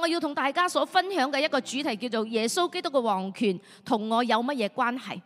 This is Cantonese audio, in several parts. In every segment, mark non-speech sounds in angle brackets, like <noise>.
我要同大家所分享嘅一個主題叫做耶穌基督嘅王權，同我有乜嘢關係？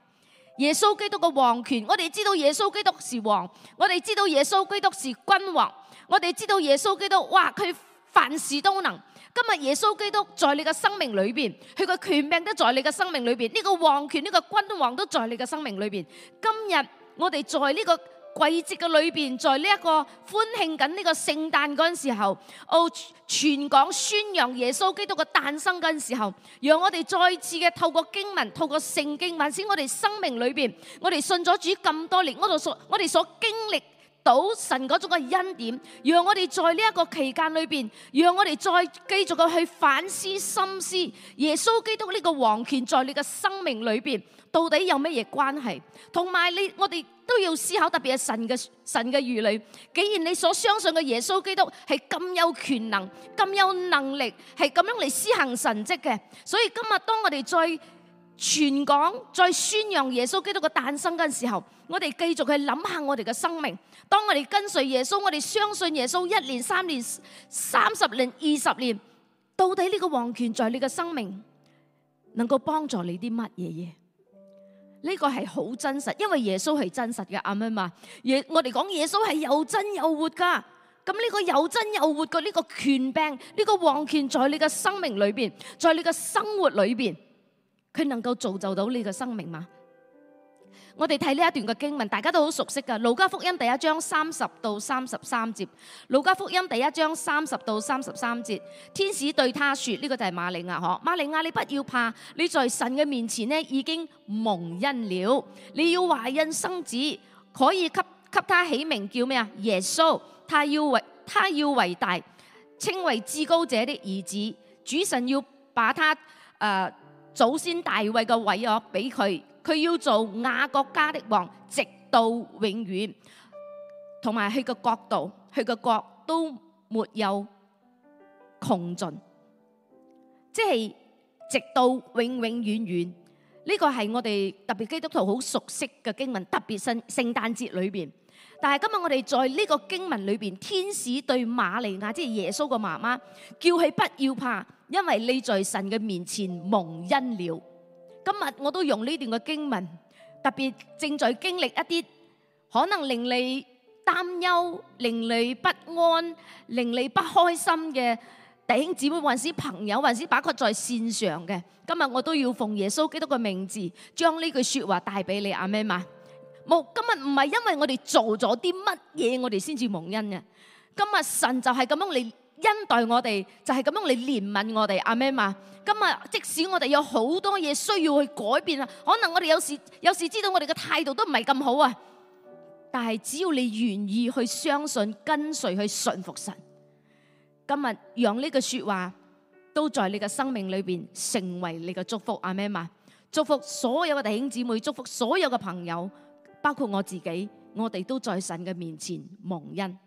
耶穌基督嘅王權，我哋知道耶穌基督是王，我哋知道耶穌基督是君王，我哋知道耶穌基督，哇！佢凡事都能。今日耶穌基督在你嘅生命裏邊，佢嘅權柄都在你嘅生命裏邊，呢個王權，呢個君王都在你嘅生命裏邊。今日我哋在呢個，季節嘅裏邊，在呢一個歡慶緊呢個聖誕嗰陣時候，哦，全港宣揚耶穌基督嘅誕生嗰陣時候，讓我哋再次嘅透過經文，透過聖經，還是我哋生命裏邊，我哋信咗主咁多年，我哋所我哋所經歷到神嗰種嘅恩典，讓我哋在呢一個期間裏邊，讓我哋再繼續嘅去反思深思耶穌基督呢個皇權在你嘅生命裏邊。到底有乜嘢關係？同埋你，我哋都要思考，特別係神嘅、神嘅兒女。既然你所相信嘅耶穌基督係咁有權能、咁有能力，係咁樣嚟施行神蹟嘅，所以今日當我哋再全港再宣揚耶穌基督嘅誕生嗰陣時候，我哋繼續去諗下我哋嘅生命。當我哋跟隨耶穌，我哋相信耶穌一年、三年、三十年、二十年，到底呢個王權在你嘅生命能夠幫助你啲乜嘢嘢？呢個係好真實，因為耶穌係真實嘅啱咪嘛，耶我哋講耶穌係又真又活噶，咁、這、呢個又真又活嘅呢、這個權柄，呢、這個王權在你嘅生命裏邊，在你嘅生活裏邊，佢能夠造就到你嘅生命嗎？我哋睇呢一段嘅經文，大家都好熟悉噶，《路加福音》第一章三十到三十三節，《路加福音》第一章三十到三十三節，天使對他說：呢、這個就係瑪利亞嗬，瑪利亞你不要怕，你在神嘅面前呢已經蒙恩了，你要懷孕生子，可以給給他起名叫咩啊？耶穌，他要為他要為大，稱為至高者的兒子，主神要把他誒、呃、祖先大衛嘅位啊俾佢。佢要做亞國家的王，直到永遠，同埋佢個國度，佢個國都沒有窮盡，即係直到永永遠遠。呢個係我哋特別基督徒好熟悉嘅經文，特別新聖誕節裏邊。但係今日我哋在呢個經文裏邊，天使對馬利亞，即係耶穌個媽媽，叫佢不要怕，因為你在神嘅面前蒙恩了。今日我都用呢段嘅經文，特別正在經歷一啲可能令你擔憂、令你不安、令你不開心嘅弟兄姊妹，還是朋友，還是包括在綫上嘅。今日我都要奉耶穌基督嘅名字，將呢句說話帶俾你阿們嘛。冇，今日唔係因為我哋做咗啲乜嘢，我哋先至蒙恩嘅。今日神就係咁樣嚟恩待我哋就係、是、咁樣嚟，憐憫我哋，阿媽。今日即使我哋有好多嘢需要去改變啊，可能我哋有時有時知道我哋嘅態度都唔係咁好啊，但係只要你願意去相信、跟隨、去順服神，今日讓呢句說話都在你嘅生命裏邊成為你嘅祝福，阿媽。祝福所有嘅弟兄姊妹，祝福所有嘅朋友，包括我自己。我哋都在神嘅面前蒙恩。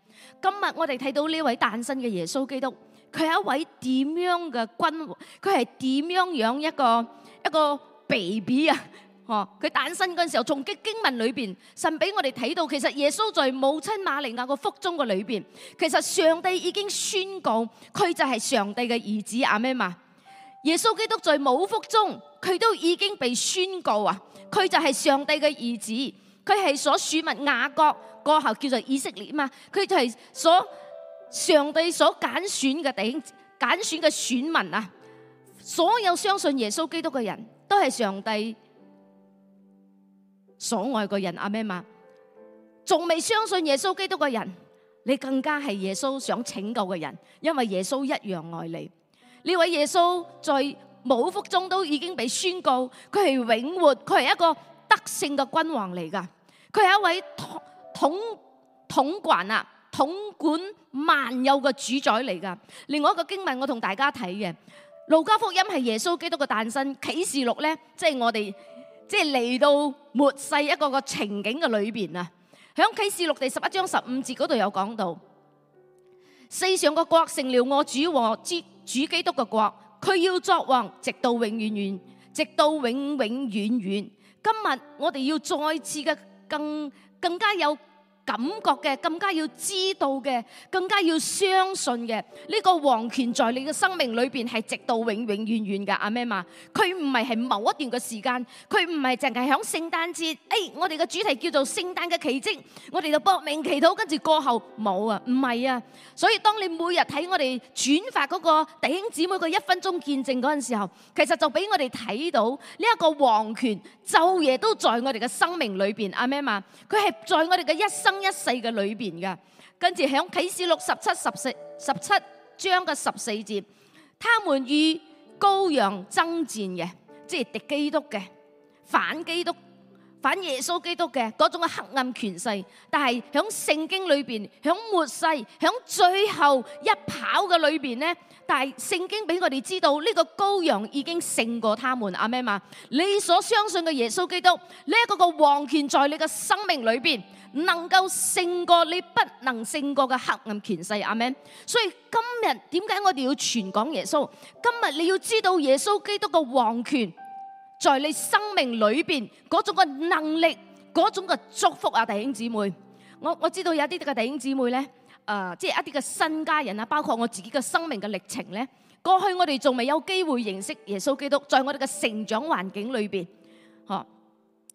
今日我哋睇到呢位誕生嘅耶穌基督，佢係一位點樣嘅君王？佢係點樣樣一個一個 baby 啊？哦，佢誕生嗰陣時候，從經經文裏邊，神俾我哋睇到，其實耶穌在母親瑪利亞個腹中個裏邊，其實上帝已經宣告佢就係上帝嘅兒子阿咩嘛？耶穌基督在母腹中，佢都已經被宣告啊，佢就係上帝嘅兒子。佢係所選民雅各過後叫做以色列嘛？佢就係所上帝所揀選嘅頂揀選嘅選民啊！所有相信耶穌基督嘅人都係上帝所愛嘅人啊！咩嘛？仲未相信耶穌基督嘅人，你更加係耶穌想拯救嘅人，因為耶穌一樣愛你。呢位耶穌在母腹中都已經俾宣告，佢係永活，佢係一個得勝嘅君王嚟噶。佢係一位統統統管啊，統管萬有嘅主宰嚟噶。另外一個經文，我同大家睇嘅《路加福音》係耶穌基督嘅誕生，《啟示錄》咧，即係我哋即係嚟到末世一個個情景嘅裏邊啊。響《啟示錄》第十一章十五節嗰度有講到，世上個國成了我主和主,主基督嘅國，佢要作王，直到永遠遠，直到永永遠遠。今日我哋要再次嘅。更更加有，感覺嘅更加要知道嘅更加要相信嘅呢個皇權在你嘅生命裏邊係直到永永遠遠嘅啊咩嘛？佢唔係係某一段嘅時間，佢唔係淨係響聖誕節。誒，我哋嘅主題叫做聖誕嘅奇蹟，我哋就搏命祈禱，跟住過後冇啊，唔係啊。所以當你每日睇我哋轉發嗰個弟兄姊妹嘅一分鐘見證嗰陣時候，其實就俾我哋睇到呢一個皇權晝夜都在我哋嘅生命裏邊啊咩嘛？佢係在我哋嘅一生。一世嘅裏邊嘅，跟住響啟示錄六十七十四十七章嘅十四節，他們與羔羊爭戰嘅，即係敵基督嘅反基督反耶穌基督嘅嗰種嘅黑暗權勢。但係響聖經裏邊，響末世響最後一跑嘅裏邊呢？但係聖經俾我哋知道呢個羔羊已經勝過他們。阿咩嘛，你所相信嘅耶穌基督呢？嗰個王權在你嘅生命裏邊。能夠勝過你不能勝過嘅黑暗權勢，阿們。所以今日點解我哋要傳講耶穌？今日你要知道耶穌基督嘅王權，在你生命裏邊嗰種嘅能力，嗰種嘅祝福啊！弟兄姊妹，我我知道有啲嘅弟兄姊妹咧，誒，即係一啲嘅新家人啊，包括我自己嘅生命嘅歷程咧，過去我哋仲未有機會認識耶穌基督，在我哋嘅成長環境裏邊，嗬。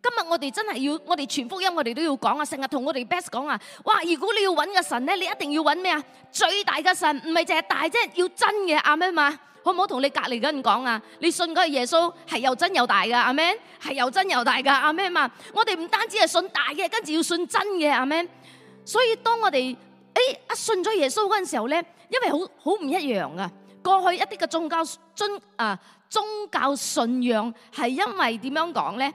今日我哋真係要，我哋全福音，我哋都要講啊。成日同我哋 best 講啊，哇！如果你要揾嘅神咧，你一定要揾咩啊？最大嘅神唔係淨係大，即係要真嘅。阿咩嘛，好唔好同你隔籬嗰人講啊？你信嗰個耶穌係又真又大噶，阿咩？係又真又大噶，阿咩嘛？我哋唔單止係信大嘅，跟住，要信真嘅，阿咩？所以當我哋誒一信咗耶穌嗰陣時候咧，因為好好唔一樣啊。過去一啲嘅宗教宗啊宗教信仰係因為點樣講咧？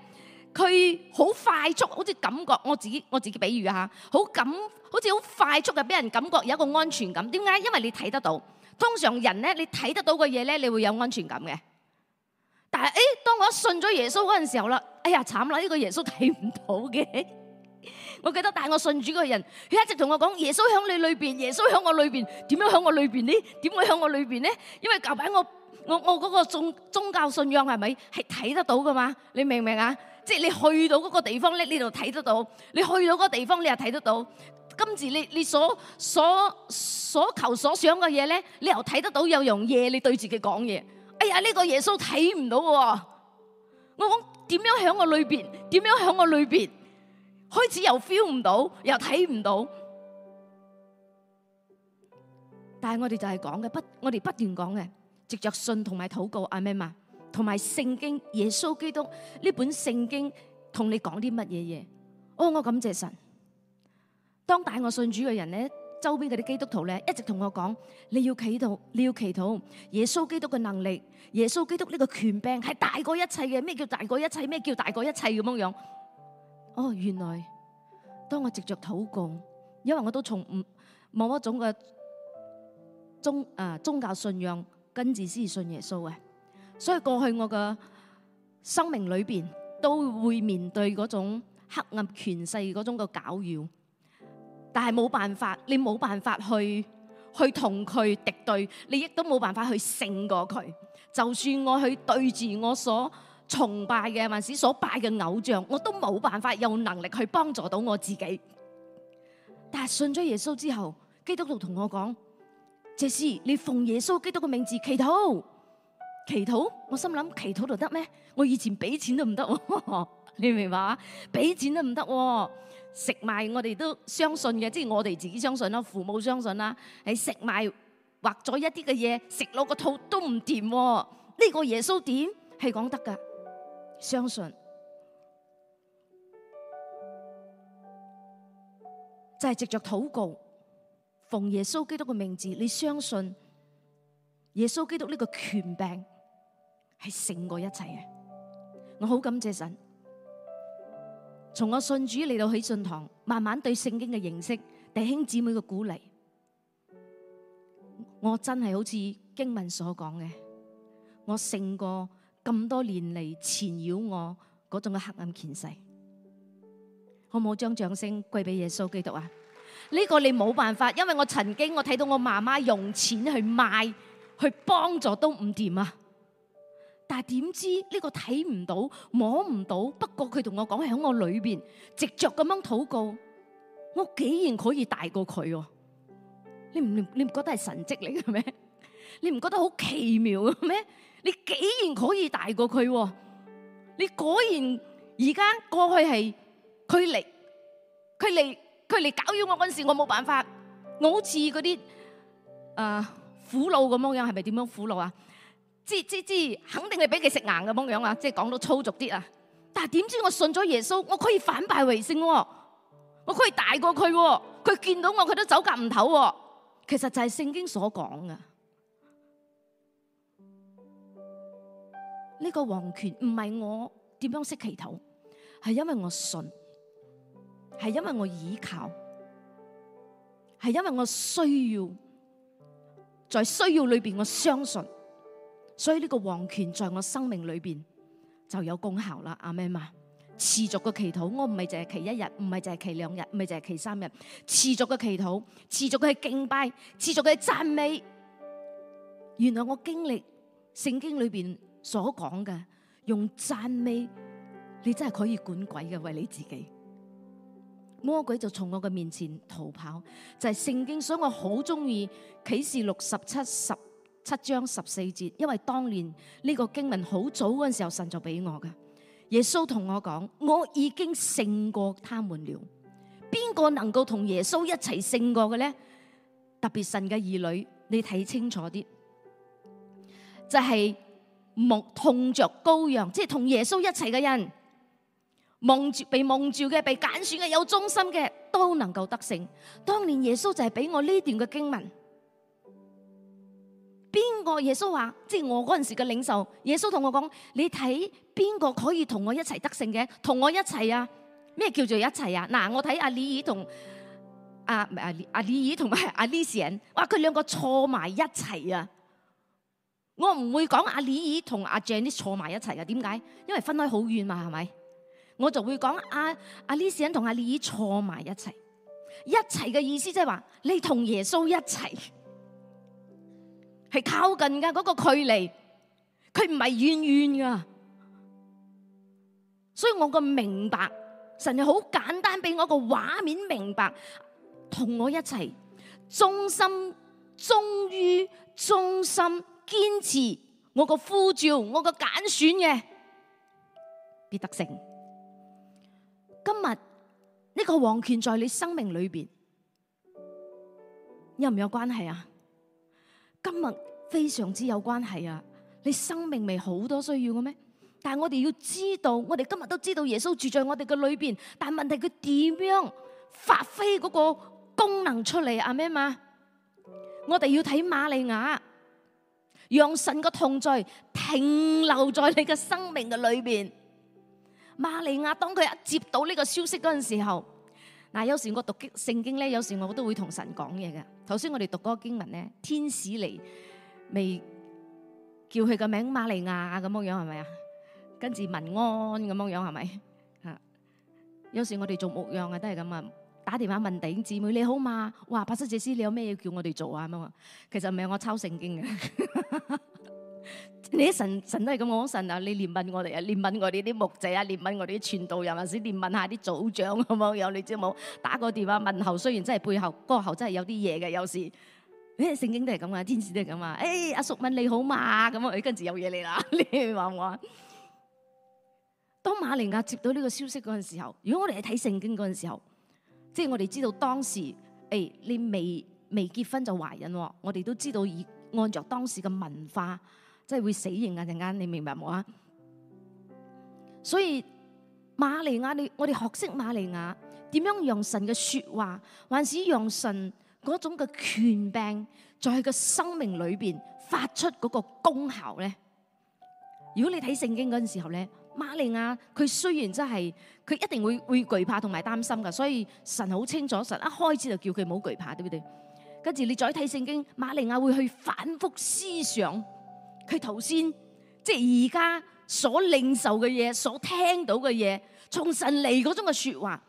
佢好快速，好似感覺我自己我自己比喻下，好感好似好快速嘅，俾人感覺有一個安全感。點解？因為你睇得到。通常人咧，你睇得到嘅嘢咧，你會有安全感嘅。但係，誒，當我一信咗耶穌嗰陣時候啦，哎呀，慘啦！呢個耶穌睇唔到嘅。我記得，但係我信主嘅人，佢一直同我講：耶穌響你裏邊，耶穌響我裏邊，點樣響我裏邊咧？點會響我裏邊咧？因為舊版我我我嗰個宗宗教信仰係咪係睇得到嘅嘛？你明唔明啊？即係你去到嗰個地方咧，你就睇得到；你去到嗰個地方，你又睇得到。今次你你所所所求所想嘅嘢咧，你又睇得到，有樣嘢你對自己講嘢。哎呀，呢個耶穌睇唔到嘅。我講，點樣響我裏邊？點樣響我裏邊？開始又 feel 唔到，又睇唔到。但係我哋就係講嘅，不，我哋不斷講嘅，藉着信同埋禱告，阿媽咪。同埋聖經耶穌基督呢本聖經同你講啲乜嘢嘢？哦，我感謝神。當大我信主嘅人咧，周邊嗰啲基督徒咧，一直同我講，你要祈禱，你要祈禱耶穌基督嘅能力，耶穌基督呢個權柄係大過一切嘅。咩叫大過一切？咩叫大過一切咁樣樣？哦，原來當我執着禱告，因為我都從唔冇一種嘅宗啊宗教信仰跟住先信耶穌嘅。所以過去我嘅生命裏邊都會面對嗰種黑暗權勢嗰種嘅攪擾，但係冇辦法，你冇辦法去去同佢敵對，你亦都冇辦法去勝過佢。就算我去對住我所崇拜嘅、萬事所拜嘅偶像，我都冇辦法有能力去幫助到我自己。但係信咗耶穌之後，基督徒同我講：這是你奉耶穌基督嘅名字祈禱。祈禱？我心諗祈禱就得咩？我以前俾錢都唔得， <laughs> 你明唔明話？俾錢都唔得，食埋我哋都相信嘅，即係我哋自己相信啦，父母相信啦。你食埋畫咗一啲嘅嘢，食落個肚都唔甜。呢個耶穌點係講得噶相信就係藉着禱告，奉耶穌基督嘅名字，你相信耶穌基督呢個權柄係勝過一切嘅，我好感謝神。從我信主嚟到喜信堂，慢慢對聖經嘅認識，弟兄姊妹嘅鼓勵，我真係好似經文所講嘅，我勝過咁多年嚟纏繞我嗰種嘅黑暗權勢。好唔好將掌聲歸俾耶穌基督啊？呢個你冇辦法，因為我曾經我睇到我媽媽用錢去買，去幫助都唔掂啊！但點知呢個睇唔到摸唔到，不過佢同我講喺我裏邊直着咁樣禱告，我竟然可以大過佢哦！你唔你唔覺得係神蹟嚟嘅咩？你唔覺得好奇妙嘅咩？你竟然可以大過佢。你果然而家過去係佢嚟，佢嚟，佢嚟搞妖我嗰陣時，我冇辦法，我好似嗰啲誒苦惱咁樣，係咪點樣苦惱啊？知知知，肯定係俾佢食硬嘅咁樣啊！即係講到粗俗啲啊！但係點知我信咗耶穌，我可以反敗為勝，我可以大過佢。佢見到我，佢都走夾唔唞。其實就係聖經所講嘅，呢、這個王權唔係我點樣識祈禱，係因為我信，係因為我依靠，係因為我需要，在需要裏邊我相信。所以呢個王權在我生命裏邊就有功效啦，阿們，持續嘅祈禱，我唔係淨係祈一日，唔係淨係祈兩日，唔係淨係祈三日，持續嘅祈禱，持續嘅敬拜，持續嘅讚美。原來我經歷聖經裏邊所講嘅，用讚美，你真係可以管鬼嘅，為你自己，魔鬼就從我嘅面前逃跑。就係、是、聖經，所以我好中意啟示六十七十。七章十四節，因為當年呢個經文好早嗰陣時候神就俾我嘅。耶穌同我講，我已經勝過他們了。邊個能夠同耶穌一齊勝過嘅咧？特別神嘅兒女，你睇清楚啲，就係、是、蒙痛着羔羊，即係同耶穌一齊嘅人，蒙住被蒙住嘅、被揀選嘅、有忠心嘅，都能夠得勝。當年耶穌就係俾我呢段嘅經文。邊個耶穌話，即係我嗰陣時嘅領袖耶穌同我講，你睇邊個可以同我一齊得勝嘅，同我一齊啊？咩叫做一齊啊？嗱，我睇阿李爾同、啊、阿阿阿李爾同埋阿 Lisa，我話佢兩個坐埋一齊啊！我唔會講阿李爾同阿 James 坐埋一齊啊。點解？因為分開好遠嘛，係咪？我就會講阿阿 Lisa 同阿李爾坐埋一齊，一齊嘅意思即係話你同耶穌一齊。係靠近噶，嗰、那個距離佢唔係遠遠噶，所以我個明白，神係好簡單俾我個畫面明白，同我一齊忠心、忠於、忠心堅持我個呼召、我個揀選嘅，必得勝。今日呢、這個王權在你生命裏邊，有唔有關係啊？今日非常之有關係啊！你生命咪好多需要嘅咩？但係我哋要知道，我哋今日都知道耶穌住在我哋嘅裏邊，但係問題佢點樣發揮嗰個功能出嚟啊？咩嘛？我哋要睇瑪利亞，讓神嘅痛罪停留在你嘅生命嘅裏邊。瑪利亞當佢一接到呢個消息嗰陣時候。嗱，有時我讀聖經聖經咧，有時我都會同神講嘢嘅。頭先我哋讀嗰個經文咧，天使嚟未叫佢個名瑪利亞咁樣，係咪啊？跟住問安咁樣，係咪？嚇！有時我哋做牧養啊，都係咁啊，打電話問弟兄姊妹你好嘛？哇！伯師姐，你有咩要叫我哋做啊？咁啊，其實唔係我抄聖經嘅。 <laughs> 你啲神神都係咁，我神啊，你嚟問我哋啊，嚟問我哋啲牧者啊，嚟問我哋啲傳道人，或者嚟問下啲組長，好冇？有你知冇？打個電話問候，雖然真係背後嗰後真係有啲嘢嘅，有時誒聖、哎、經都係咁啊，天使都係咁啊。誒、哎、阿叔問你好嘛？咁，佢跟住有嘢嚟啦，你話我？ <laughs> 當馬利亞接到呢個消息嗰陣時候，如果我哋係睇聖經嗰陣時候，即、就、係、是、我哋知道當時誒、哎、你未未結婚就懷孕，我哋都知道以按着當時嘅文化。真係會死刑啊！陣間你明白冇啊？所以瑪利亞，你我哋學識瑪利亞點樣用神嘅說話，還是用神嗰種嘅權柄，在佢個生命裏邊發出嗰個功效咧？如果你睇聖經嗰陣時候咧，瑪利亞佢雖然真係佢一定會會懼怕同埋擔心噶，所以神好清楚神一開始就叫佢唔好懼怕，對唔對？跟住你再睇聖經，瑪利亞會去反覆思想。佢頭先即係而家所領受嘅嘢，所聽到嘅嘢，從神嚟嗰種嘅說話，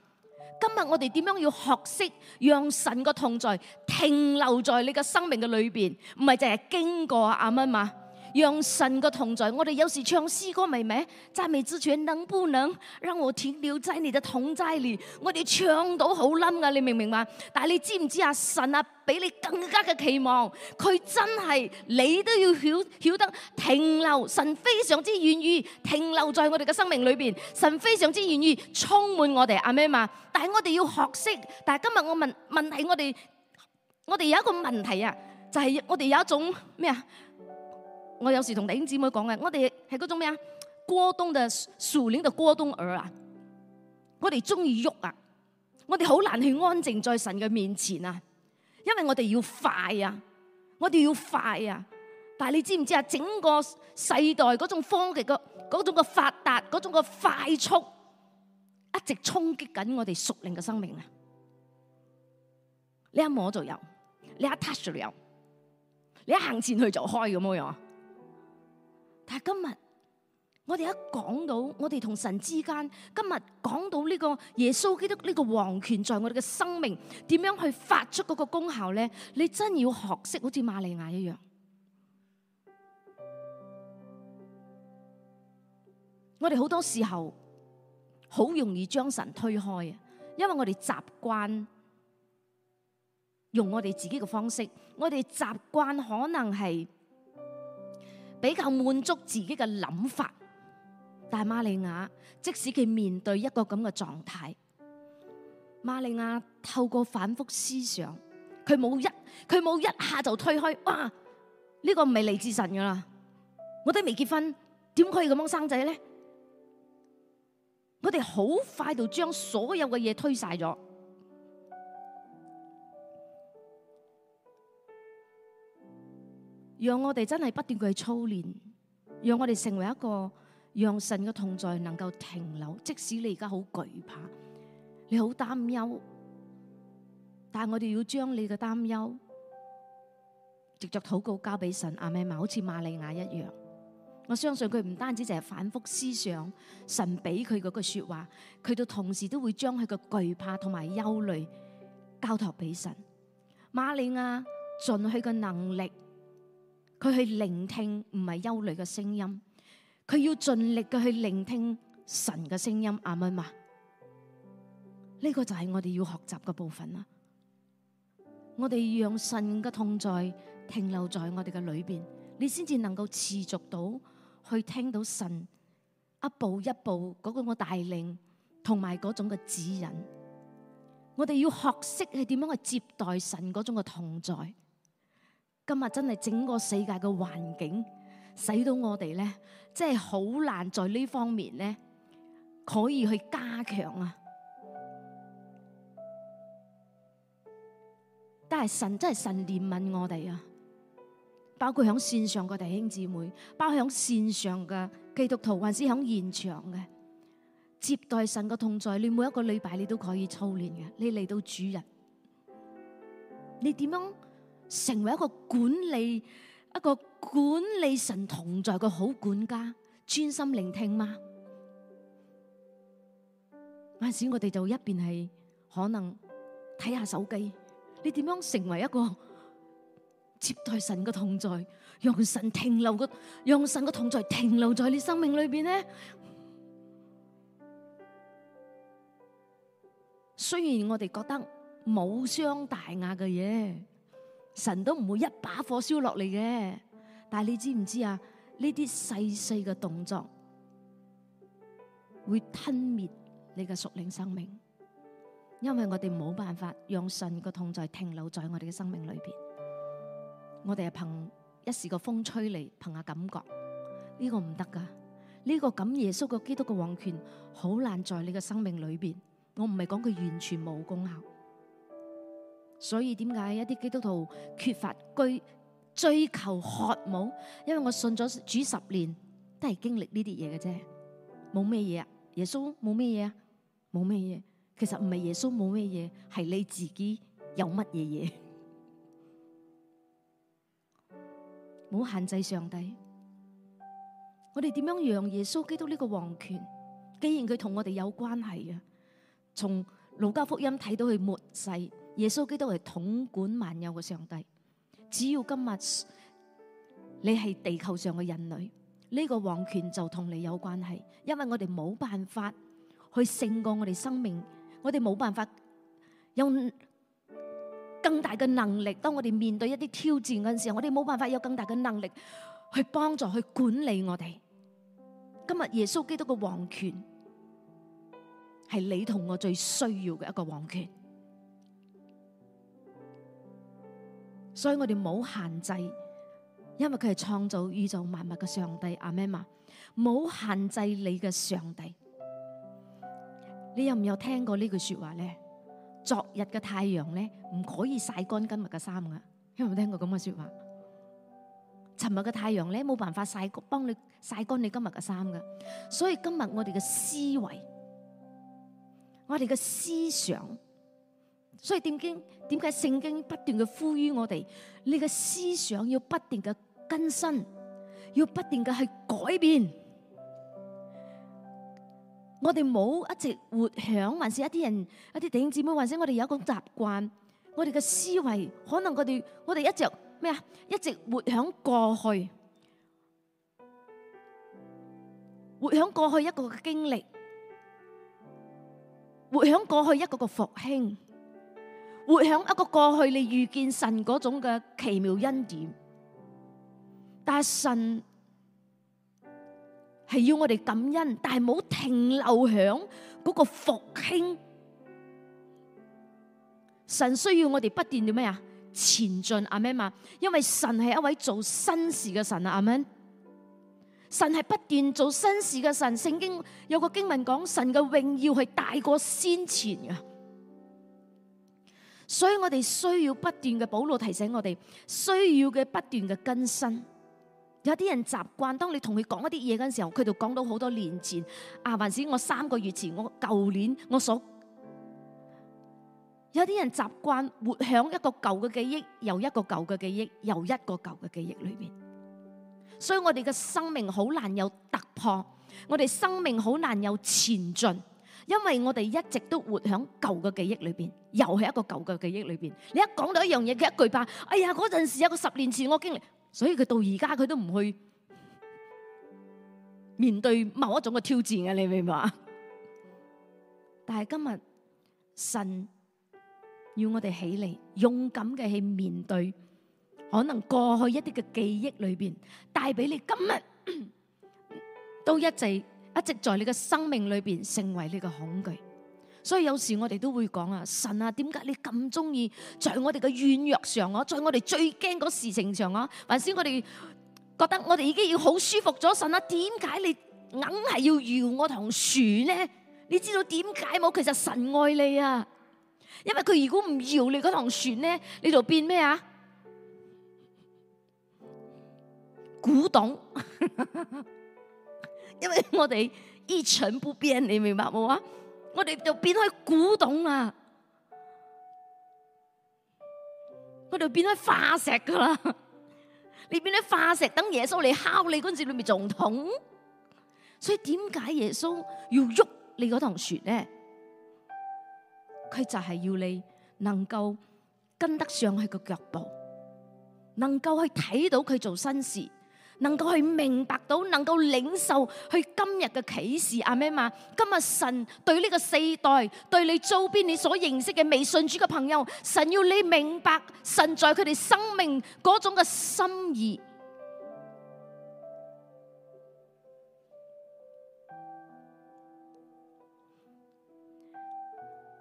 今日我哋點樣要學識讓神個痛在停留在你嘅生命嘅裏邊，唔係淨係經過阿蚊嘛？讓神嘅同在，我哋有時唱詩歌，妹明，讚美之泉，能不能讓我停留在你的同在裏？我哋唱到好冧噶，你明唔明白？但係你知唔知啊？神啊，畀你更加嘅期望，佢真係你都要曉曉得停留。神非常之願意停留在我哋嘅生命裏邊，神非常之願意充滿我哋阿咩嘛。但係我哋要學識，但係今日我問問題我，我哋我哋有一個問題啊，就係、是、我哋有一種咩啊？我有時同弟兄姊妹講嘅，我哋係嗰種咩啊？過動嘅屬靈嘅過動兒啊！我哋中意喐啊！我哋好難去安靜在神嘅面前啊！因為我哋要快啊！我哋要快啊！但係你知唔知啊？整個世代嗰種科技嘅嗰種嘅發達，嗰種嘅快速，一直衝擊緊我哋屬靈嘅生命啊！你一摸就有，你一 touch 就有，你一行前去就開咁樣。但係今日，我哋一講到我哋同神之間，今日講到呢個耶穌基督呢個王權在我哋嘅生命，點樣去發出嗰個功效咧？你真要學識好似瑪利亞一樣。我哋好多時候好容易將神推開啊，因為我哋習慣用我哋自己嘅方式，我哋習慣可能係。比較滿足自己嘅諗法，但係瑪利亞，即使佢面對一個咁嘅狀態，瑪利亞透過反覆思想，佢冇一佢冇一下就推開，哇！呢個唔係嚟自神噶啦，我都未結婚，點可以咁樣生仔咧？我哋好快就將所有嘅嘢推晒咗。讓我哋真係不斷去操練，讓我哋成為一個讓神嘅同在能夠停留。即使你而家好懼怕，你好擔憂，但係我哋要將你嘅擔憂藉着禱告交俾神阿媽媽，好、啊、似瑪利亞一樣。我相信佢唔單止就係反复思想神俾佢嗰句說話，佢到同時都會將佢嘅懼怕同埋憂慮交託俾神。瑪利亞盡佢嘅能力。佢去聆聽唔係憂慮嘅聲音，佢要盡力嘅去聆聽神嘅聲音，啱唔啱嘛？呢、這個就係我哋要學習嘅部分啦。我哋要讓神嘅同在停留在我哋嘅裏邊，你先至能夠持續到去聽到神一步一步嗰種嘅帶領，同埋嗰種嘅指引。我哋要學識係點樣去接待神嗰種嘅同在。今日真係整個世界嘅環境，使到我哋咧，真係好難在呢方面咧，可以去加強啊！但係神真係神憐憫我哋啊！包括響線上個弟兄姊妹，包響線上嘅基督徒，還是響現場嘅接待神嘅同在，你每一個禮拜你都可以操練嘅。你嚟到主日，你點樣？成為一個管理，一個管理神同在嘅好管家，專心聆聽嗎？有陣時我哋就一邊係可能睇下手機，你點樣成為一個接待神嘅同在，讓神停留個讓神嘅同在停留在你生命裏邊呢？雖然我哋覺得冇傷大雅嘅嘢，神都唔會一把火燒落嚟嘅，但係你知唔知啊？呢啲細細嘅動作會吞滅你嘅屬靈生命，因為我哋冇辦法讓神嘅痛在停留在我哋嘅生命裏邊。我哋係憑一時個風吹嚟，憑下感覺，呢個唔得噶。呢個咁耶穌嘅基督嘅王權，好難在你嘅生命裏邊。我唔係講佢完全冇功效。所以點解一啲基督徒缺乏追追求渴慕？因為我信咗主十年，都係經歷呢啲嘢嘅啫，冇咩嘢啊！耶穌冇咩嘢啊，冇咩嘢。其實唔係耶穌冇咩嘢，係你自己有乜嘢嘢，冇限制上帝。我哋點樣讓耶穌基督呢個皇權？既然佢同我哋有關係啊，從路加福音睇到佢末世。耶穌基督係統管萬有嘅上帝。只要今日你係地球上嘅人類，呢個王權就同你有關係。因為我哋冇辦法去勝過我哋生命，我哋冇辦法用更大嘅能力。當我哋面對一啲挑戰嗰時候，我哋冇辦法有更大嘅能力去幫助、去管理我哋。今日耶穌基督嘅王權係你同我最需要嘅一個王權。所以我哋冇限制，因為佢係創造宇宙萬物嘅上帝，阿們嘛，冇限制你嘅上帝。你有唔有聽過呢句說話咧？昨日嘅太陽咧，唔可以曬乾今日嘅衫噶，你有冇聽過咁嘅說話？尋日嘅太陽咧，冇辦法曬幫你曬乾你今日嘅衫噶。所以今日我哋嘅思維，我哋嘅思想。所以點解點解聖經不斷嘅呼籲我哋你嘅思想要不斷嘅更新，要不斷嘅去改變。我哋冇一直活響，還是一啲人一啲弟兄姊妹，或者我哋有一個習慣，我哋嘅思維可能我哋我哋一直咩啊？一直活響過去，活響過去一個嘅經歷，活響過去一個個復興。活響一個過去你遇見神嗰種嘅奇妙恩典，但係神係要我哋感恩，但係冇停留響嗰個復興。神需要我哋不斷做咩啊？前進阿們嘛？因為神係一位做新事嘅神啊，阿們。神係不斷做新事嘅神，聖經有個經文講神嘅榮耀係大過先前嘅。所以我哋需要不斷嘅，保羅提醒我哋，需要嘅不斷嘅更新。有啲人習慣，當你同佢講一啲嘢嗰陣時候，佢就講到好多年前。啊，還是我三個月前，我舊年我所。有啲人習慣活響一個舊嘅記憶，又一個舊嘅記憶，又一個舊嘅記憶裏面。所以我哋嘅生命好難有突破，我哋生命好難有前進。因為我哋一直都活喺舊嘅記憶裏邊，又係一個舊嘅記憶裏邊。你一講到一樣嘢，佢一句話，哎呀嗰陣時有個十年前我經歷，所以佢到而家佢都唔去面對某一種嘅挑戰呀，你明唔明呀？但係今日神要我哋起嚟，勇敢嘅去面對可能過去一啲嘅記憶裏邊，帶俾你今日都一直。一直在你嘅生命裏邊成為你嘅恐懼，所以有時我哋都會講啊，神啊，點解你咁中意在我哋嘅軟弱上啊，在我哋最驚嗰事情上啊？原先我哋覺得我哋已經要好舒服咗，神啊，點解你硬係要搖我堂船呢？你知道點解冇？其實神愛你啊，因為佢如果唔搖你嗰堂船呢，你就變咩啊？古董。 <laughs> 因為我哋一成不變，你明白冇啊？我哋就變開古董啦，我哋變開化石噶啦。你變開化石，等耶穌嚟敲你嗰陣時，裏面仲痛。所以點解耶穌要喐你嗰堂船呢？佢就係要你能夠跟得上去個腳步，能夠去睇到佢做新事。能夠去明白到，能夠領受去今日嘅啟示啊咩嘛？今日神對呢個世代，對你周邊你所認識嘅未信主嘅朋友，神要你明白神在佢哋生命嗰種嘅心意。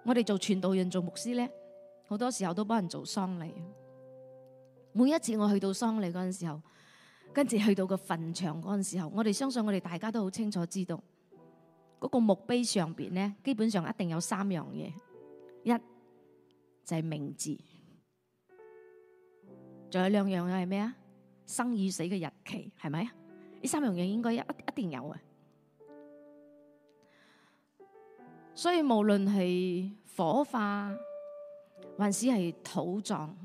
我哋做傳道人做牧師咧，好多時候都幫人做喪禮。每一次我去到喪禮嗰陣時候，跟住去到個墳場嗰陣時候，我哋相信我哋大家都好清楚知道，嗰個墓碑上邊呢，基本上一定有三樣嘢，一就係名字，仲有兩樣嘢係咩啊？生與死嘅日期係咪？呢三樣嘢應該一一定有嘅。所以無論係火化還是係土葬，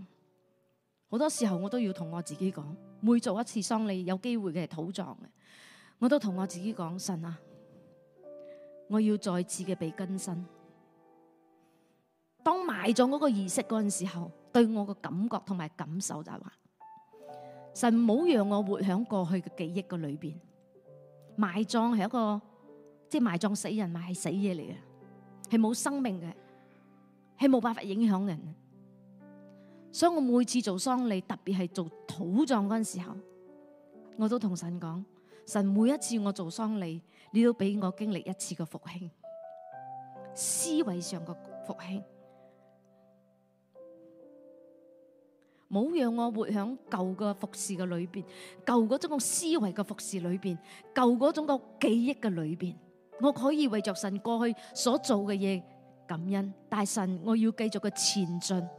好多時候我都要同我自己講。每做一次喪禮，有機會嘅係土葬嘅。我都同我自己講：神啊，我要再次嘅被更新。當埋葬嗰個儀式嗰時候，對我個感覺同埋感受就係、是、話：神唔好讓我活喺過去嘅記憶嘅裏邊。埋葬係一個即係埋葬死人，埋係死嘢嚟嘅，係冇生命嘅，係冇辦法影響人。所以我每次做喪禮，特別係做土葬嗰陣時候，我都同神講：神，每一次我做喪禮，你都俾我經歷一次個復興，思維上個復興，冇讓我活響舊嘅服侍嘅裏邊，舊嗰種個思維嘅服侍裏邊，舊嗰種個記憶嘅裏邊，我可以為着神過去所做嘅嘢感恩。但神，我要繼續嘅前進。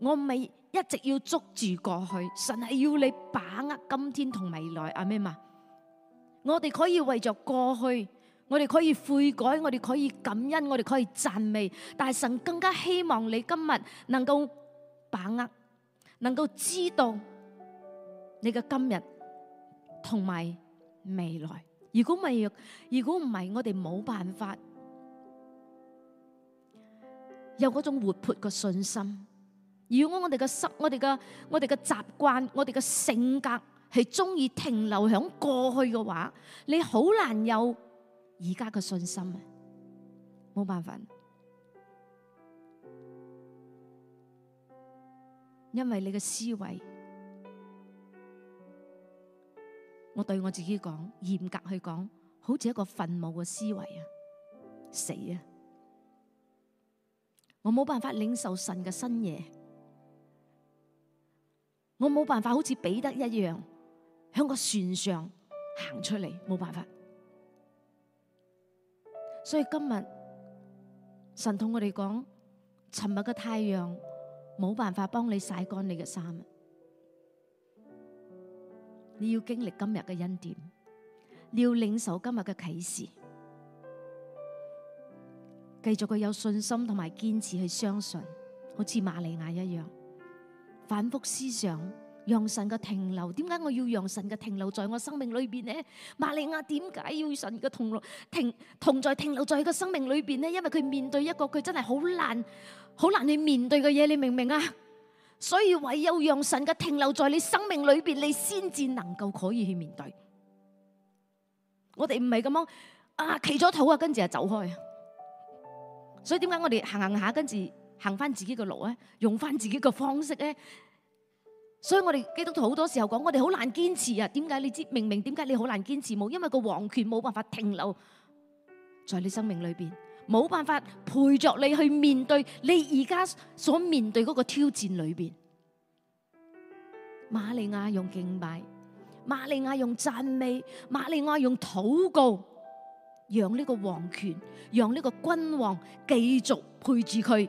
我未一直要捉住過去，神係要你把握今天同未來。阿們嘛？我哋可以為着過去，我哋可以悔改，我哋可以感恩，我哋可以讚美。但係神更加希望你今日能夠把握，能夠知道你嘅今日同埋未來。如果唔係，如果唔係，我哋冇辦法有嗰種活潑嘅信心。如果我哋嘅習、我哋嘅習慣、我哋嘅性格係鍾意停留響過去嘅話，你好難有而家嘅信心啊！冇辦法，因為你嘅思維，我對我自己講，嚴格去講，好似一個憤怒嘅思維啊，死啊！我冇辦法領受神嘅新嘢。我冇辦法好似彼得一樣喺個船上行出嚟，冇辦法。所以今日神同我哋講，尋日嘅太陽冇辦法幫你曬乾你嘅衫，你要經歷今日嘅恩典，你要領受今日嘅啟示，繼續佢有信心同埋堅持去相信，好似瑪利亞一樣。反覆思想，讓神嘅停留。點解我要讓神嘅停留在我生命裏邊呢？瑪利亞點解要讓神嘅停留同在停留在佢嘅生命裏邊呢？因為佢面對一個佢真係好難好難去面對嘅嘢，你明唔明啊？所以唯有讓神嘅停留在你生命裏邊，你先至能夠可以去面對。我哋唔係咁樣啊，企咗肚啊，跟住就走開啊。所以點解我哋行行下，跟住？行翻自己嘅路咧，用翻自己嘅方式咧，所以我哋基督徒好多時候講，我哋好難堅持啊。點解你知？明明點解你好難堅持冇？因為個皇權冇辦法停留在你生命裏邊，冇辦法陪着你去面對你而家所面對嗰個挑戰裏邊。瑪利亞用敬拜，瑪利亞用讚美，瑪利亞用禱告，讓呢個皇權，讓呢個君王繼續陪住佢。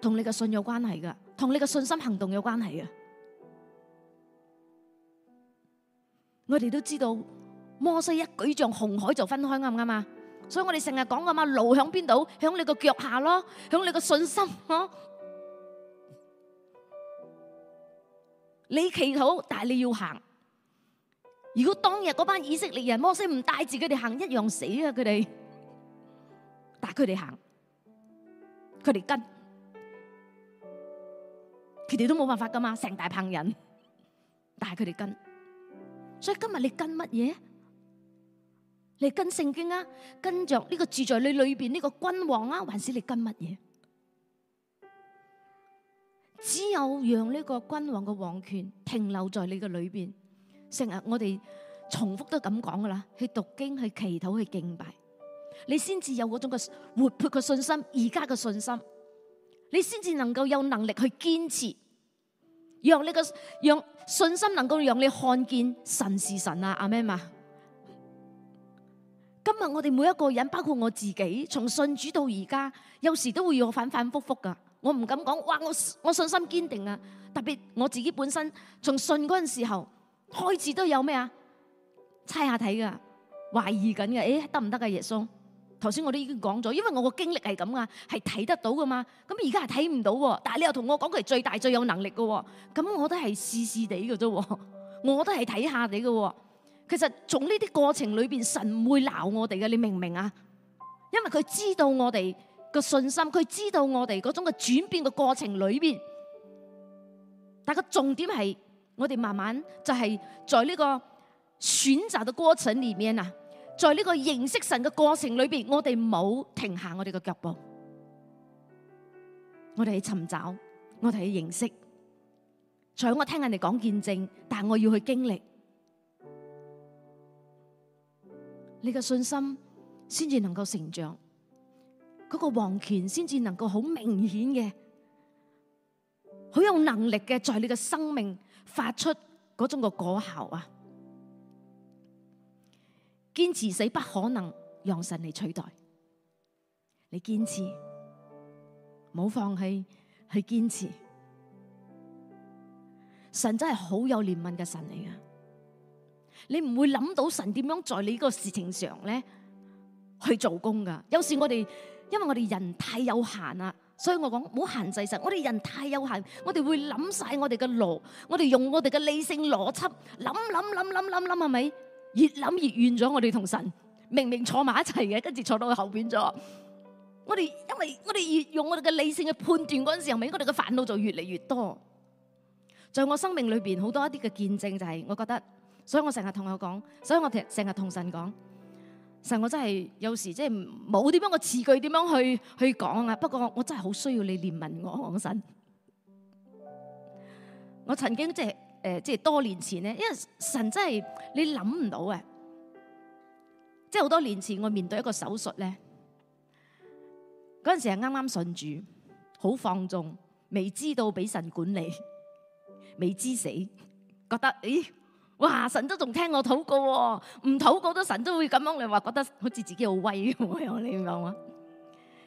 同你個信有關係噶，同你個信心行動有關係啊！我哋都知道摩西一舉杖紅海就分開啱唔啱啊？所以我哋成日講噶嘛，路喺邊度？喺你個腳下咯，喺你個信心咯！你祈禱，但係你要行。如果當日嗰班以色列人摩西唔帶住佢哋行，一樣死啊！佢哋，但係佢哋行，佢哋跟。佢哋都冇辦法噶嘛，成大棒人，但係佢哋跟，所以今日你跟乜嘢？你跟聖經啊，跟着呢個住在你裏邊呢個君王啊，還是你跟乜嘢？只有讓呢個君王嘅王權停留在你嘅裏邊，成日我哋重複都咁講噶啦，去讀經、去祈禱、去敬拜，你先至有嗰種嘅活潑嘅信心，而家嘅信心，你先至能夠有能力去堅持。讓呢個讓信心能夠讓你看見神是神啊，阿們、啊。今日我哋每一個人，包括我自己，從信主到而家，有時都會有反反复覆噶。我唔敢講，哇！我我信心堅定啊。特別我自己本身從信嗰陣時候開始都有咩啊？猜下睇噶，懷疑緊嘅，誒得唔得啊？耶穌？頭先我都已經講咗，因為我個經歷係咁啊，係睇得到噶嘛。咁而家係睇唔到，但係你又同我講佢係最大最有能力噶，咁我都係試試地噶啫。我都係睇下你噶。其實從呢啲過程裏邊，神唔會鬧我哋嘅，你明唔明啊？因為佢知道我哋個信心，佢知道我哋嗰種嘅轉變嘅過程裏邊。但係個重點係，我哋慢慢就係在呢個選擇嘅過程裏面啊。在呢個認識神嘅過程裏邊，我哋冇停下我哋嘅腳步，我哋去尋找，我哋去認識。雖然我聽人哋講見證，但係我要去經歷。你嘅信心先至能夠成長，嗰個王權先至能夠好明顯嘅，好有能力嘅，在你嘅生命發出嗰種嘅果效啊！堅持死不可能，讓神嚟。取代。你堅持，唔好放棄，去堅持。神真係好有憐憫嘅神嚟噶，你唔會諗到神點樣在你呢個事情上咧去做工噶。有時我哋，因為我哋人太有限啦，所以我講，唔好限制神。我哋人太有限，我哋會諗晒我哋嘅路，我哋用我哋嘅理性邏輯諗諗諗諗諗諗，係咪？越諗越怨，咗，我哋同神明明坐埋一齊嘅，跟住坐到佢後邊咗。我哋因為我哋越用我哋嘅理性去判斷嗰陣時候，咪我哋嘅煩惱就越嚟越多。在我生命裏邊好多一啲嘅見證就係，我覺得，所以我成日同佢講，所以我成日同神講，神我真係有時即係冇點樣個詞句點樣去去講啊。不過我真係好需要你憐憫我，我，神。我曾經即係。誒、呃，即係多年前咧，因為神真係你諗唔到啊！即係好多年前，我面對一個手術咧，嗰陣時係啱啱信主，好放縱，未知道俾神管理，未知死，覺得誒、哎，哇！神都仲聽我禱告、啊，唔禱告都神都會咁樣你話，覺得好似自己好威咁樣。你明白嗎？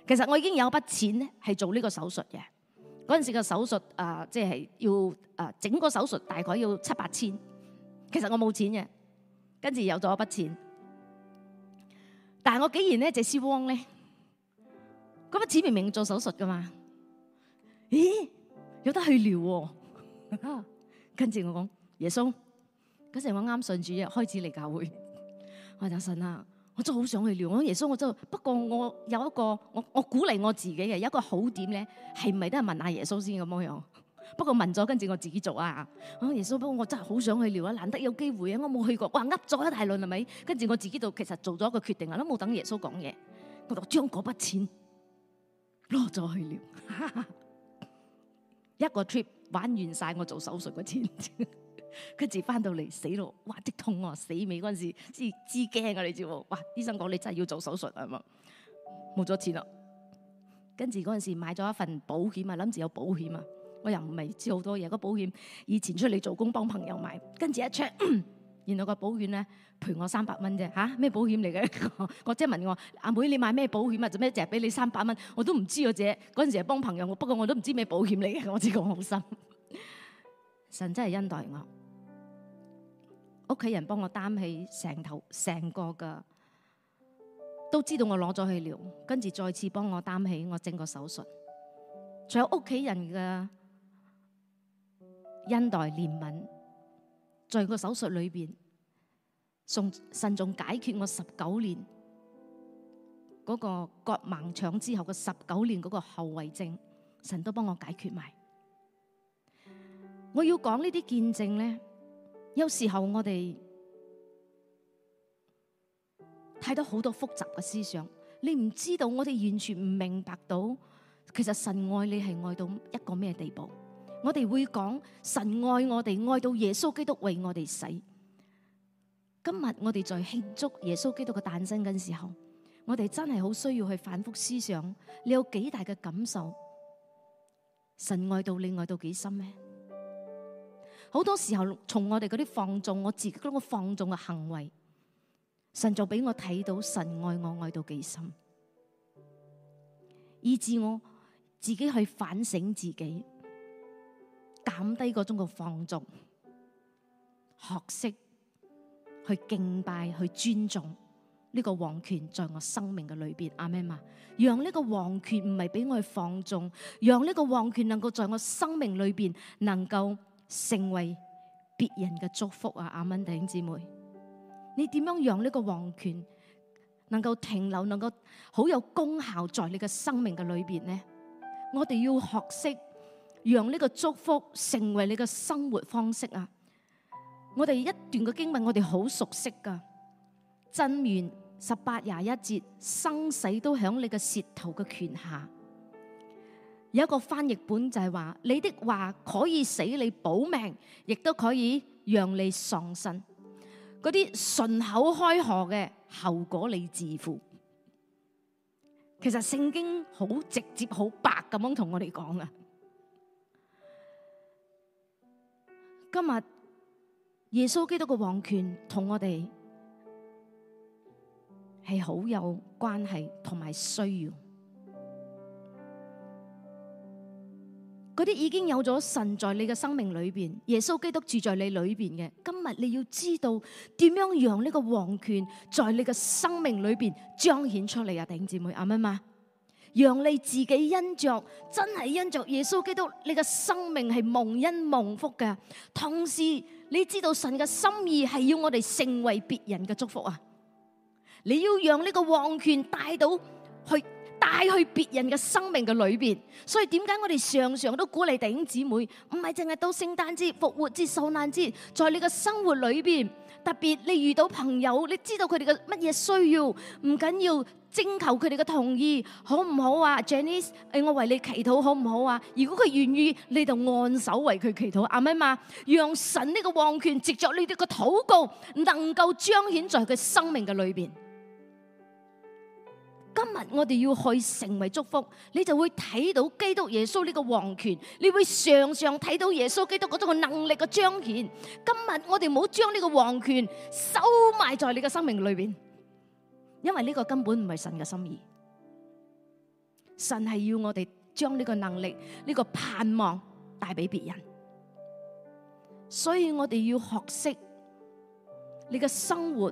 其實我已經有一筆錢咧，係做呢個手術嘅。嗰陣時嘅手術啊，即係要啊整個手術大概要七八千，其實我冇錢嘅，跟住有咗一筆錢，但係我竟然咧借私窩咧，咁啊，筆錢明明做手術噶嘛，咦有得去撩喎，跟住我講耶穌嗰陣我啱信主，開始嚟教會，我就信啦。我真係好想去撩。我耶穌我真係，不過我有一個我我鼓勵我自己嘅，有一個好點咧，係咪都係問下耶穌先咁樣樣？ <laughs> 不過問咗，跟住我自己做啊！我啊耶穌，不過我真係好想去撩啊，難得有機會啊，我冇去過，哇噏咗一大輪係咪？跟住我自己就其實做咗一個決定，我都冇等耶穌講嘢，我就將嗰筆錢攞咗去撩。 <laughs> 一個 trip 玩完晒，我做手術嘅錢。 <laughs> 跟住翻到嚟死咯，哇！即痛啊，死尾嗰陣時，知知驚啊！你知冇？哇！醫生講，你真係要做手術，係咪？冇咗錢啦，跟住嗰陣時買咗一份保險啊，諗住有保險啊，我又唔係知好多嘢。個保險以前出嚟做工幫朋友買，跟住一 check，原來個保險咧賠我三百蚊啫，吓、啊、咩保險嚟嘅？我姐問我：阿妹你買咩保險啊？做咩淨係俾你三百蚊？我都唔知，我姐嗰陣時係幫朋友，不過我都唔知咩保險嚟嘅，我只講好心。神真係恩待我。屋企人幫我擔起成頭成個嘅，都知道我攞咗去了，跟住再次幫我擔起我整個手術，仲有屋企人嘅恩待憐憫，在個手術裏邊，送神仲解決我十九年嗰、那個割盲腸之後嘅十九年嗰個後遺症，神都幫我解決埋。我要講呢啲見證咧。有時候我哋睇到好多複雜嘅思想，你唔知道我哋完全唔明白到，其實神愛你係愛到一個咩地步。我哋會講神愛我哋，愛到耶穌基督為我哋死。今日我哋在慶祝耶穌基督嘅誕生嘅時候，我哋真係好需要去反覆思想，你有幾大嘅感受？神愛到你愛到幾深呢？好多時候，從我哋嗰啲放縱，我自己嗰個放縱嘅行為，神就俾我睇到神愛我愛到幾深，以至我自己去反省自己，減低嗰種嘅放縱，學識去敬拜、去尊重呢個王權，在我生命嘅裏邊，阿們嘛，讓呢個王權唔係俾我去放縱，讓呢個王權能夠在我生命裏邊能夠成為別人嘅祝福啊！阿們，弟兄姊妹，你點樣讓呢個皇權能夠停留，能夠好有功效在你嘅生命嘅裏邊呢？我哋要學識讓呢個祝福成為你嘅生活方式啊！我哋一段嘅經文，我哋好熟悉噶，箴言十八廿一節，生死都響你嘅舌頭嘅權下。有一個翻譯本就係話，你的話可以使你保命，亦都可以讓你喪身。嗰啲順口開河嘅後果，你自負。其實聖經好直接、好白咁樣同我哋講啊。今日耶穌基督嘅王權同我哋係好有關係，同埋需要。嗰啲已經有咗神在你嘅生命裏邊，耶穌基督住在你裏邊嘅，今日你要知道點樣讓呢個王權在你嘅生命裏邊彰顯出嚟啊！弟兄姐妹啱唔啱？讓你自己因着，真係因着耶穌基督，你嘅生命係蒙恩蒙福嘅。同時，你知道神嘅心意係要我哋成為別人嘅祝福啊！你要讓呢個王權帶到去。帶去別人嘅生命嘅裏邊，所以點解我哋常常都鼓勵弟兄姊妹，唔係淨係到聖誕節、復活節、受難節，在你嘅生活裏邊，特別你遇到朋友，你知道佢哋嘅乜嘢需要，唔緊要，緊要徵求佢哋嘅同意，好唔好啊？Janice，誒，我為你祈禱，好唔好啊？如果佢願意，你就按手為佢祈禱，啱唔啱啊？讓神呢個王權藉着你哋嘅禱告，能夠彰顯在佢生命嘅裏邊。今日我哋要去成為祝福，你就會睇到基督耶穌呢個王權，你會常常睇到耶穌基督嗰種個能力嘅彰顯。今日我哋唔好將呢個王權收埋在你嘅生命裏邊，因為呢個根本唔係神嘅心意，神係要我哋將呢個能力、呢個盼望帶俾別人。所以我哋要學識你嘅生活。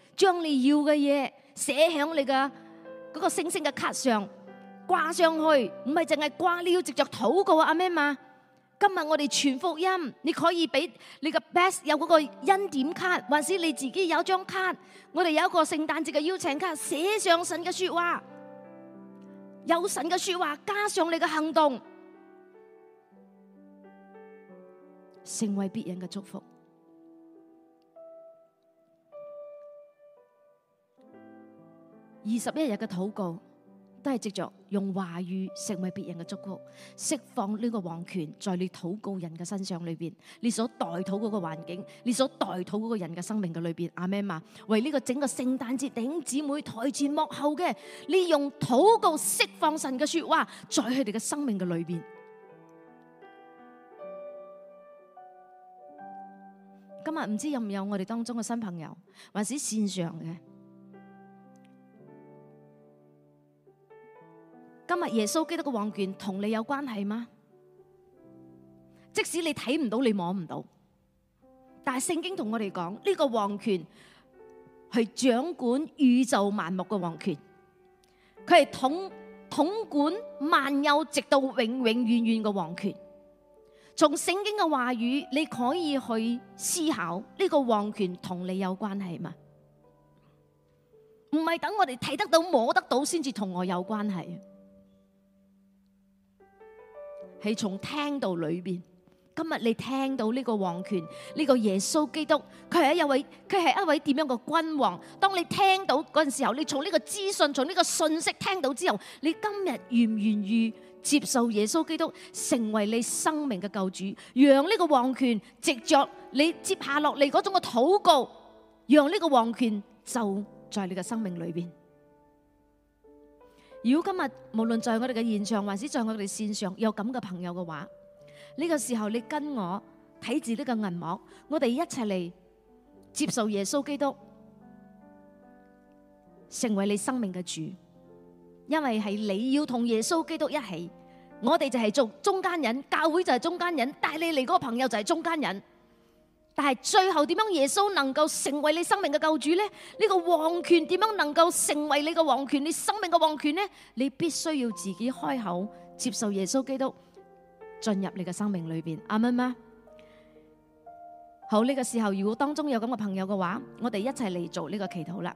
將你要嘅嘢寫響你嘅個星星嘅卡上掛上去，唔係淨係掛了，直接禱告阿咩嘛。今日我哋全福音，你可以俾你嘅 best 有嗰個恩典卡，還是你自己有張卡，我哋有一個聖誕節嘅邀請卡，寫上神嘅說話，有神嘅說話加上你嘅行動，成為別人嘅祝福。二十一日嘅禱告，都係藉着用話語成為別人嘅祝福，釋放呢個王權在你禱告人嘅身上裏邊，你所代禱嗰個環境，你所代禱嗰個人嘅生命嘅裏邊。阿們啊，為呢個整個聖誕節弟兄姊妹台前幕後嘅，你用禱告釋放神嘅說話，在佢哋嘅生命嘅裏邊。今日唔知有唔有我哋當中嘅新朋友，還是線上嘅？今日耶穌基督嘅王權同你有關係嗎？即使你睇唔到，你摸唔到，但係聖經同我哋講呢個王權係掌管宇宙萬物嘅王權，佢係統統管萬有，直到永永遠遠嘅王權。從聖經嘅話語，你可以去思考呢個王權同你有關係嗎？唔係等我哋睇得到，摸得到先至同我有關係。係從聽到裏邊，今日你聽到呢個王權，呢個耶穌基督，佢係一位，佢係一位點樣嘅君王？當你聽到嗰陣時候，你從呢個資訊，從呢個信息聽到之後，你今日願唔願意接受耶穌基督成為你生命嘅救主？讓呢個王權藉着你接下落嚟嗰種嘅禱告，讓呢個王權就在你嘅生命裏邊。如果今日無論在我哋嘅現場，還是在我哋線上有咁嘅朋友嘅話，呢個時候你跟我睇住呢個銀幕，我哋一齊嚟接受耶穌基督，成為你生命嘅主，因為係你要同耶穌基督一起，我哋就係做中間人，教會就係中間人，帶你嚟嗰個朋友就係中間人。但係最後點樣耶穌能夠成為你生命嘅救主呢？呢個王權點樣能夠成為你嘅王權，你生命嘅王權呢？你必須要自己開口接受耶穌基督進入你嘅生命裏邊，啱唔啱？好，呢個時候，如果當中有咁嘅朋友嘅話，我哋一齊嚟做呢個祈禱啦。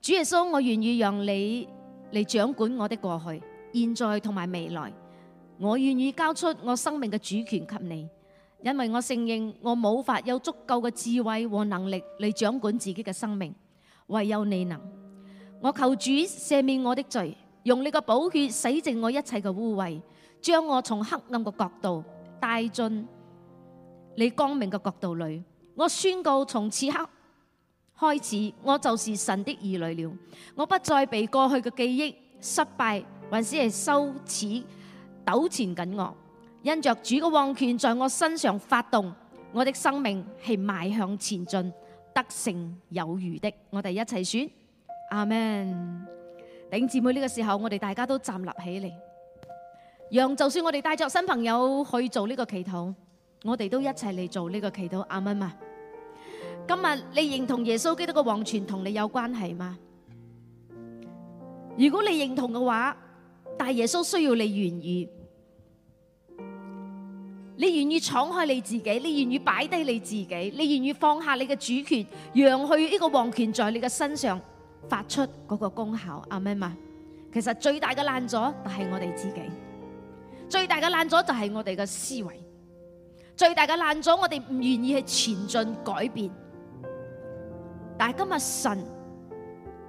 主耶穌，我願意讓你嚟掌管我的過去、現在同埋未來，我願意交出我生命嘅主權給你。因為我承認我冇法有足夠嘅智慧和能力嚟掌管自己嘅生命，唯有你能。我求主赦免我的罪，用你嘅寶血洗淨我一切嘅污穢，將我從黑暗嘅角度帶進你光明嘅角度裏。我宣告從此刻開始，我就是神的兒女了。我不再被過去嘅記憶、失敗，還是羞恥糾纏緊我。因着主嘅王權在我身上發動，我的生命係邁向前進，得勝有餘的。我哋一齊選，阿們，弟兄姊妹呢個時候，我哋大家都站立起嚟，讓就算我哋帶着新朋友去做呢個祈禱，我哋都一齊嚟做呢個祈禱。阿們啊，今日你認同耶穌基督嘅王權同你有關係嗎？如果你認同嘅話，大耶穌需要你願意。你願意敞開你自己，你願意擺低你自己，你願意放下你嘅主權，讓去呢個王權在你嘅身上發出嗰個功效啊！咩嘛？其實最大嘅攔阻就係我哋自己，最大嘅攔阻就係我哋嘅思維，最大嘅攔阻我哋唔願意去前進改變。但係今日神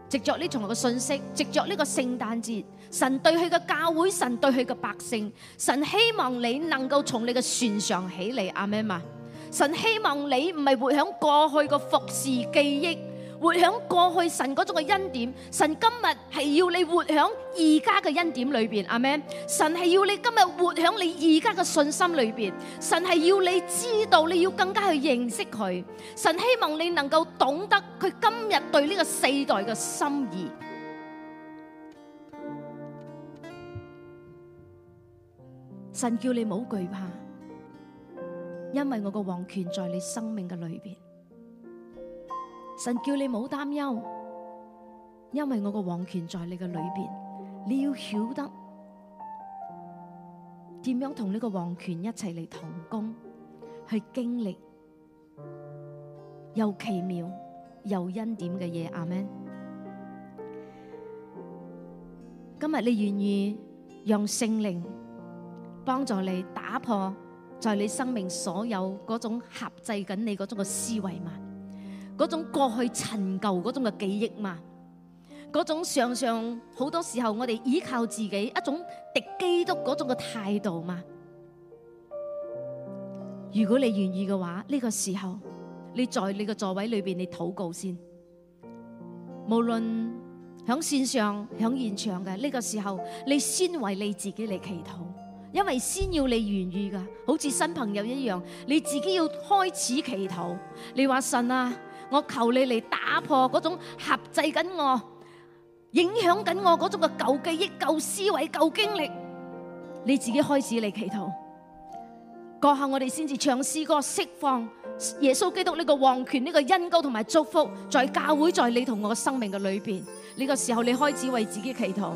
藉着呢層嘅信息，藉着呢個聖誕節。神對佢嘅教會，神對佢嘅百姓，神希望你能夠從你嘅船上起嚟啊！咩嘛？神希望你唔係活響過去個服侍記憶，活響過去神嗰種嘅恩典。神今日係要你活響而家嘅恩典裏邊啊！咩？神係要你今日活響你而家嘅信心裏邊。神係要你知道，你要更加去認識佢。神希望你能夠懂得佢今日對呢個世代嘅心意。神叫你冇懼怕，因為我嘅皇權在你生命嘅裏邊。神叫你冇擔憂，因為我嘅王權在你嘅裏邊。你要曉得點樣同呢個王權一齊嚟同工，去經歷又奇妙又恩典嘅嘢，阿們。今日你願意讓聖靈幫助你打破在你生命所有嗰種挾制緊你嗰種嘅思維嘛，嗰種過去陳舊嗰種嘅記憶嘛，嗰種常常好多時候我哋依靠自己一種敵基督嗰種嘅態度嘛。如果你願意嘅話，呢、這個時候你在你嘅座位裏邊，你禱告先。無論響綫上、響現場嘅呢、這個時候，你先為你自己嚟祈禱。因為先要你言意噶，好似新朋友一樣，你自己要開始祈禱。你話神啊，我求你嚟打破嗰種轄制緊我、影響緊我嗰種嘅舊記憶、舊思維、舊經歷。你自己開始嚟祈禱，過後我哋先至唱詩歌，釋放耶穌基督呢個王權、呢個恩膏同埋祝福，在教會、在你同我嘅生命嘅裏邊。呢個時候你開始為自己祈禱。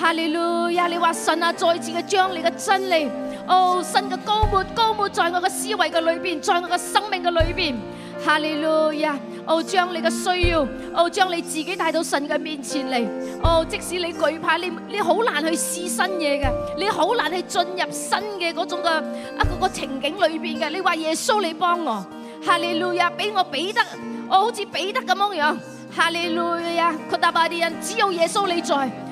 哈利路亞！你話神啊，再次嘅將你嘅真理，哦，新嘅膏抹，膏抹在我嘅思維嘅裏邊，在我嘅生命嘅裏邊。哈利路亞！哦，將你嘅需要，哦，將你自己帶到神嘅面前嚟。哦，即使你懼怕，你你好難去試新嘢嘅，你好難去進入新嘅嗰種嘅一個個情景裏邊嘅。你話耶穌你幫我，哈利路亞！俾我彼得，我好似彼得咁樣樣。哈利路亞！佢大把啲人只有耶穌你在。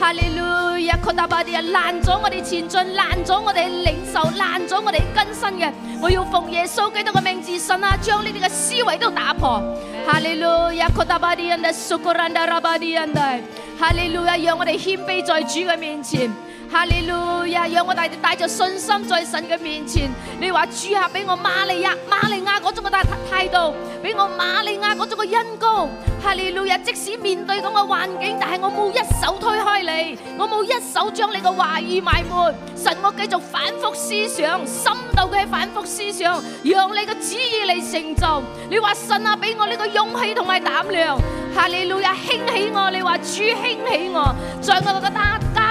哈利路亞！阿克大巴的人爛咗我哋前進，爛咗我哋領袖，爛咗我哋根身嘅。我要奉耶穌基督嘅名字信啊，將呢啲嘅思維都打破。哈利路亞！阿克大巴的人，蘇格蘭嘅阿巴的人哋，哈利路亞！讓我哋謙卑在主嘅面前。哈利路亞，讓我帶着信心在神嘅面前。你話主啊，俾我瑪利亞瑪利亞嗰種嘅態度，俾我瑪利亞嗰種嘅恩膏。哈利路亞，即使面對咁嘅環境，但係我冇一手推開你，我冇一手將你嘅懷疑埋沒，神，我繼續反覆思想，深度嘅反覆思想，讓你嘅旨意嚟成就。你話神啊，俾我呢個勇氣同埋膽量。哈利路亞，興起我，你話主興起我，在我個擔。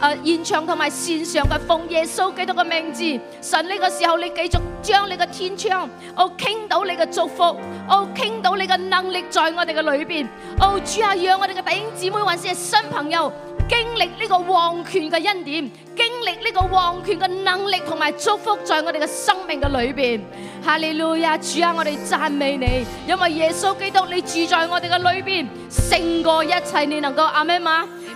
誒，uh, 現場同埋線上嘅奉耶穌基督嘅名字，神呢、這個時候你繼續將你嘅天窗，我、哦、傾到你嘅祝福，我、哦、傾到你嘅能力在我哋嘅裏邊，哦主啊，讓我哋嘅弟兄姊妹或者是新朋友經歷呢個王權嘅恩典，經歷呢個王權嘅能力同埋祝福在我哋嘅生命嘅裏邊，哈利路亞，主啊，我哋讚美你，因為耶穌基督你住在我哋嘅裏邊，勝過一切，你能夠阿咩嘛？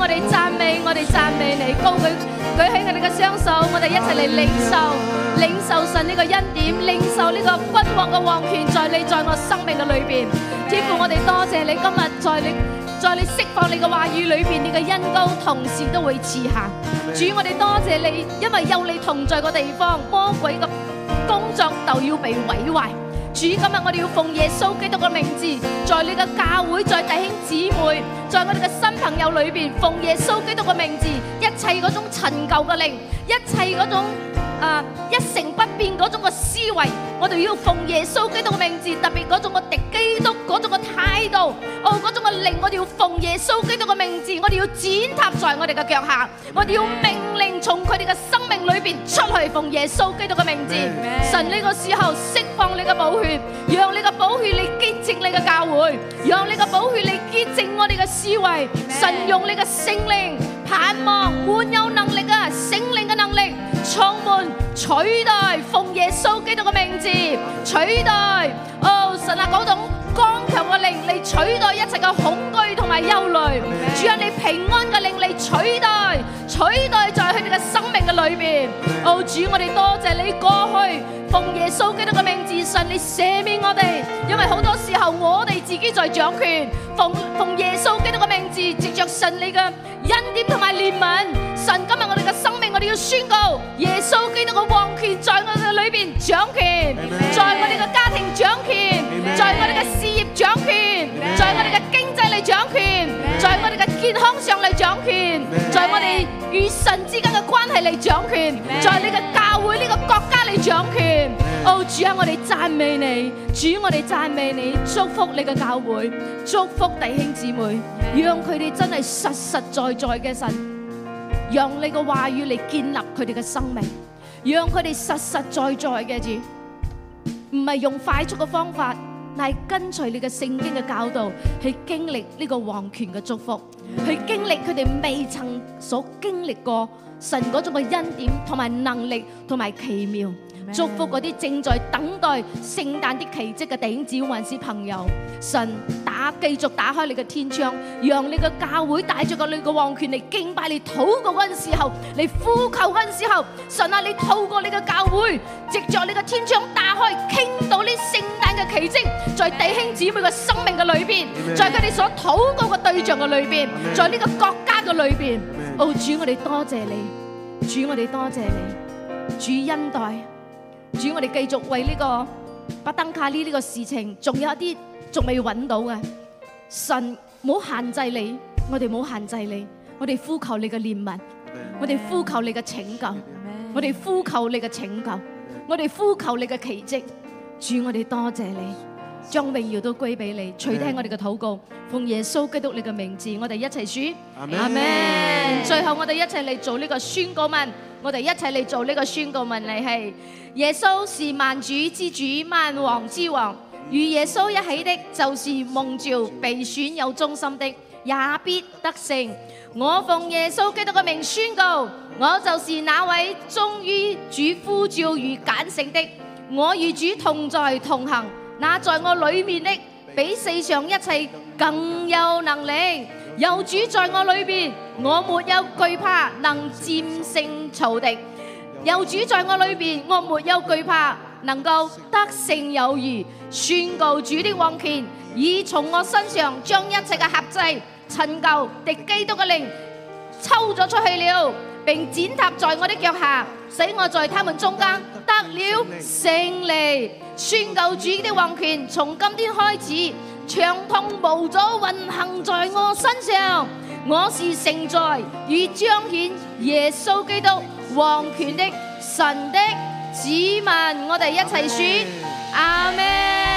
我哋讚美，我哋讚美你，高舉，舉起我哋嘅雙手，我哋一齊嚟領受，領受神呢個恩典，領受呢個君王嘅王權，在你在我生命嘅裏邊，天父我哋多謝你，今日在你，在你釋放你嘅話語裏邊，你嘅恩膏同時都會賜下，主我哋多謝你，因為有你同在個地方，魔鬼嘅工作就要被毀壞。主今日我哋要奉耶穌基督嘅名字，在你嘅教會、在弟兄姊妹、在我哋嘅新朋友裏邊，奉耶穌基督嘅名字，一切嗰種陳舊嘅靈，一切嗰種誒、呃、一成不變嗰種嘅思維。我哋要奉耶穌基督嘅名字，特別嗰種嘅敵基督嗰種嘅態度，哦，嗰種嘅靈，我哋要奉耶穌基督嘅名字，我哋要踐踏在我哋嘅腳下，我哋要命令從佢哋嘅生命裏邊出去，奉耶穌基督嘅名字。神呢個時候釋放你嘅寶血，讓你嘅寶血嚟潔淨你嘅教會，讓你嘅寶血嚟潔淨我哋嘅思維。神用你嘅聖靈盼望我哋。取代奉耶穌基督嘅名字，取代哦，神啊嗰種。令嚟取代一切嘅恐懼同埋憂慮，主啊，你平安嘅令嚟取代，取代在佢哋嘅生命嘅裏邊。主，我哋多謝你過去，奉耶穌基督嘅名字，神你赦免我哋，因為好多時候我哋自己在掌權。奉奉耶穌基督嘅名字，藉着神你嘅恩典同埋憐憫，神今日我哋嘅生命，我哋要宣告，耶穌基督嘅王權在我哋裏邊掌權，在我哋嘅家庭掌權，在我哋嘅事業掌權，權，在我哋嘅經濟嚟掌權，在我哋嘅健康上嚟掌權，在我哋與神之間嘅關係嚟掌權，在你嘅教會呢個國家嚟掌權。哦，主啊，我哋讚美你，主，我哋讚美你，祝福你嘅教會，祝福弟兄姊妹，讓佢哋真係實實在在嘅神，用你嘅話語嚟建立佢哋嘅生命，讓佢哋實實在在嘅主，唔係用快速嘅方法。但係跟隨你嘅聖經嘅教導，去經歷呢個王權嘅祝福，去經歷佢哋未曾所經歷過神嗰種嘅恩典同埋能力同埋奇妙。祝福嗰啲正在等待聖誕啲奇蹟嘅弟兄姊妹，還是朋友，神打繼續打開你嘅天窗，讓你嘅教會帶着個你嘅王權嚟敬拜，嚟禱告嗰陣時候，嚟呼求嗰陣時候，神啊，你透過你嘅教會，藉著你嘅天窗打開，傾到呢聖誕嘅奇蹟，在弟兄姊妹嘅生命嘅裏邊，在佢哋所禱告嘅對象嘅裏邊，在呢個國家嘅裏邊，哦主，我哋多謝你，主我哋多謝你，主恩待。主，我哋繼續為呢、這個巴登卡利呢個事情，仲有一啲仲未揾到嘅，神唔好限制你，我哋唔好限制你，我哋呼求你嘅憐憫，啊、我哋呼求你嘅拯救，啊、我哋呼求你嘅拯救，啊、我哋呼求你嘅奇迹。主，我哋多謝你，將榮耀都歸俾你，垂聽我哋嘅禱告，啊、奉耶穌基督你嘅名字，我哋一齊主，阿們。最後我哋一齊嚟做呢個宣告文，我哋一齊嚟做呢個宣告文，你係。耶穌是萬主之主，萬王之王，與耶穌一起的就是蒙召，被選，有忠心的，也必得勝。我奉耶穌基督嘅名宣告，我就是那位忠於主呼召與揀選的，我與主同在同行。那在我裏面的，比世上一切更有能力。有主在我裏面，我沒有懼怕能，能戰勝仇敵。有主在我裏邊，我沒有懼怕，能夠得勝有餘。宣告主的王權已從我身上將一切嘅轄制、陳舊、敵基督嘅靈抽咗出去了，並踐踏在我的腳下，使我在他們中間得了勝利。宣告主的王權從今天開始暢通無阻運行在我身上。我是承載與彰顯耶穌基督。王權的神的子民，我哋一齊説阿門。Amen.